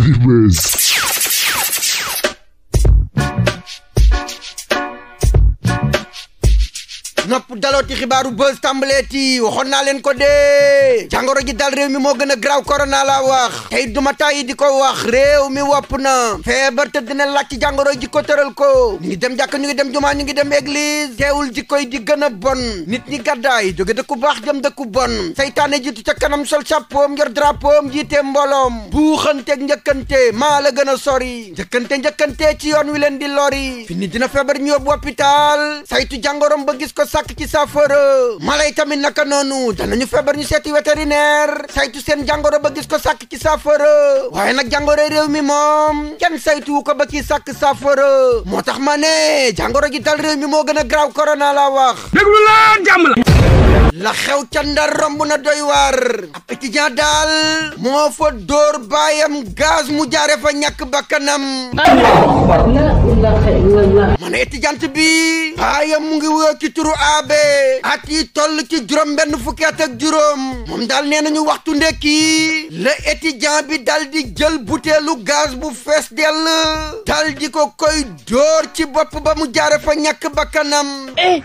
Heavy Mess. nopp dalooti xibaaru buzz tàmbaleeti waxoon naa leen ko dee jàngoro ji dal réew mi moo gën a graw korona laa wax tey duma tàyyi di ko wax réew mi wopp na feebar te dina laaj ci jàngoro ji ko tëral ko dem jàkk ñu dem jumaa ñu ngi dem église teewul ji koy di gën a bon nit ñi gàddaay jóge dëkku baax jëm dëkku bon saytaane jiitu ca kanam sol chapeau yor drapeau jiite mbooloom buuxanteeg njëkkante maa la gën a sori njëkkante njëkkante ci yoon wi leen di lori fi ni dina feebar ñu yóbbu hôpital saytu jàngoroom ba gis ko sàkk ci saafara mala yi tamit naka noonu danañu feebar ñu seeti vétérinaire saytu seen jàngoro ba gis ko sàkk ci saafara waaye nag jàngoro réew mi moom kenn saytu ko ba ci sàkk saafara moo tax ma ne jàngoro ji dal réew mi moo gën a graaw corona laa wax déglu la xew ca ndar romb na doy waar ab étudiant daal moo fa dóor baayam gaz mu jaare fa ñàkk bakkanam ma ne étudiant bi baayam mu ngi wuyoo ci turu aabe at yi toll ci juróom benn fukki at juróom moom daal nee nañu waxtu ndekki la étudiant bi dal di jël butéelu gaz bu fees dell dal di ko koy dóor ci bopp ba mu jaare fa ñàkk bakkanam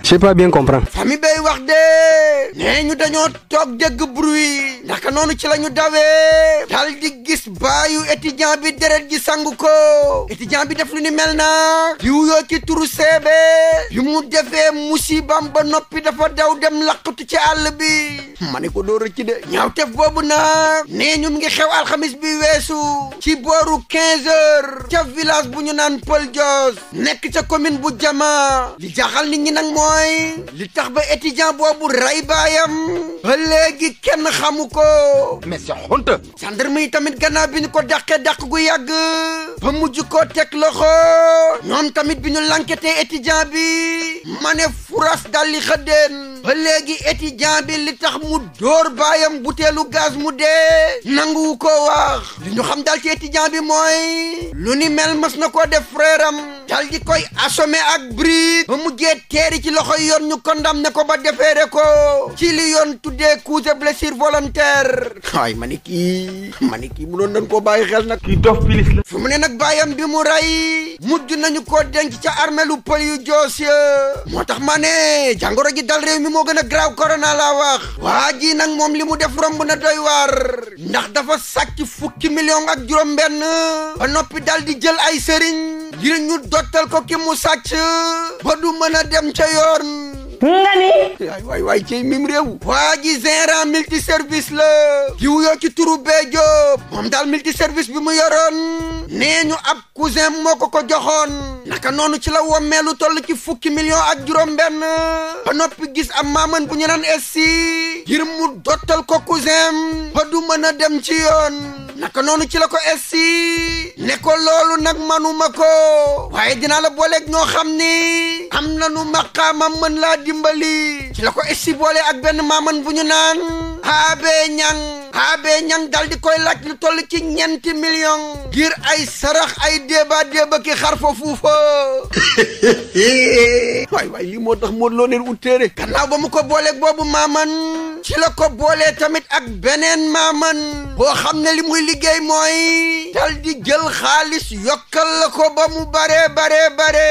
je pas bien comprendre famille bay wax de nee ñu dañoo toog dégg bruit naka noonu ci la ñu dawee dal di gis baayu étudiant bi deret gi sangu ko étudiant bi def lu ni mel na di wuyoo ci turu seebe bi mu defee musibam ba noppi dafa daw dem laqatu ci àll bi ma ne ko doo ci de ñaaw tef boobu nag nee ñu ngi xew alxamis bi weesu ci booru 15 heures ca village bu ñu naan Pël Jos nekk ca commune bu Jama li jaaxal nit ñi nag mooy li tax ba étudiant boobu ray baayam ba léegi kenn xamu ko mais c'est honte gendarme tamit gannaaw bi ñu ko dàqee dàq gu yàgg ba mujj koo teg loxo ñoom tamit bi ñu lankete étudiant bi ma ne furas dalli xëddeen ba léegi étudiant bi li tax mu dóor baayam buteelu gaz mu dee nanguwu ko wax li ñu xam daal ci étudiant bi mooy lu ni mel mas na ko def frère am dal di koy asome ak brique ba mujjee teeri ci loxoy yoon ñu condamné ko ba defeere ko ci li yoon tuddee coups et blessures volontaires ay ma ni kii ma ni mu mënoon nañ koo bàyyi xel nag kii dof pilis la fu mu ne nag baayam bi mu rey mujj ñu ko denc ca armeelu lu pël yu joos moo tax ma ne jàngoro ji dal réew mi moo gën a graaw korona laa wax waa ji nag moom li mu def romb na doy waar ndax dafa sàcc fukki million ak juróom benn ba noppi dal di jël ay sëriñ ngir ñu dottal ko ki mu sàcc ba du mën a dem ca yoon nga ni. waay waay waay mim réew. waa ji gérant multi service la. di wuyoo ci turu bee moom daal multi service bi mu yoroon. nee ñu ab cousin moo ko ko joxoon. naka noonu ci la wommee lu toll ci fukki million ak juróom-benn ba noppi gis am maaman bu ñu naan essi ngir mu dottal ko cousin ba du na dem ci yoon. naka noonu ci la ko essi ne ko loolu nag manuma ko waaye dinaa la booleeg ñoo xam ni am nanu maqaamam mën laa dimbali ci la ko essi boole ak benn maaman bu ñu naan aabe ñang ba ñang dal di koy laaj lu toll ci ñenti million ngir ay sarax ay déeba déeba ki xar fa fuufa waay waay moo tax moo loo leen téere gannaaw ba mu ko booleeg boobu maaman ci la ko boolee tamit ak beneen maaman boo xam ne li muy liggéey mooy dal di jël xaalis yokkal la ko ba mu bare bare bare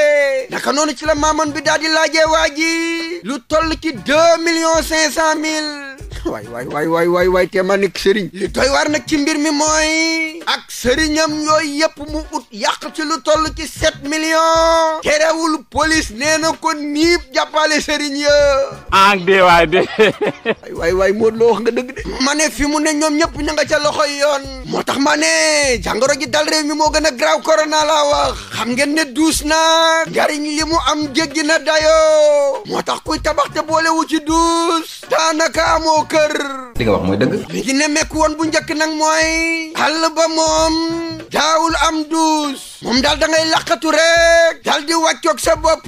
naka noonu ci la maaman bi daal di laajee waa ji lu toll ci deux waay waay waay waay waay waay te ma nekk sëriñ li doy war nag ci mbir mi mooy ak sëriñam yooyu yëpp mu ut yàq ci lu toll ci sept millions terewul police nee na ko niib jàppale sëriñ ya ak ah, de waay de waay waay waay Modou Lo wax nga dëgg de ma ne fi mu ne ñoom ñëpp ña nga ca loxo yoon moo tax ma ne jàngoro ji dal réew mi moo gën a graaw corona laa wax xam ngeen ne duus li mu am jéggi na dayoo moo tax kuy tabax te boolewu ci duus daanaka amoo kër li nga wax mooy dëgg li ci nemmeeku woon bu njëkk nag mooy àll ba moom daawul am duus moom daal da ngay laqatu rek daal di wàccoog sa bopp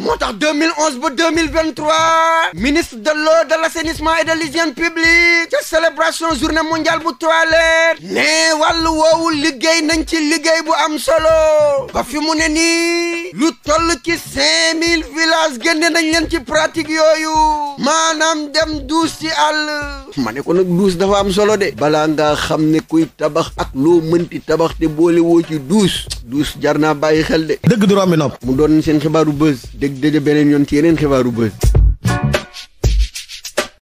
moo tax 2011 ba 2023 ministre de l'eau de l'assainissement et de l'hygiène publique ca célébration journée mondiale bu toilette ne wàllu woowu liggéey nañ ci liggéey bu am solo ba fi mu ne nii lu toll ci 5000 villages génne nañ leen ci pratique yooyu maanaam dem douche ci àll ma ne ko nag douche dafa am solo de bala ngaa xam ne kuy tabax ak loo mënti tabax te boole woo ci douche duus jar naa bàyyi xel de. dëgg du rombi mu doon seen xibaaru buzz. dégg daje beneen yoon ci yeneen xibaaru buzz.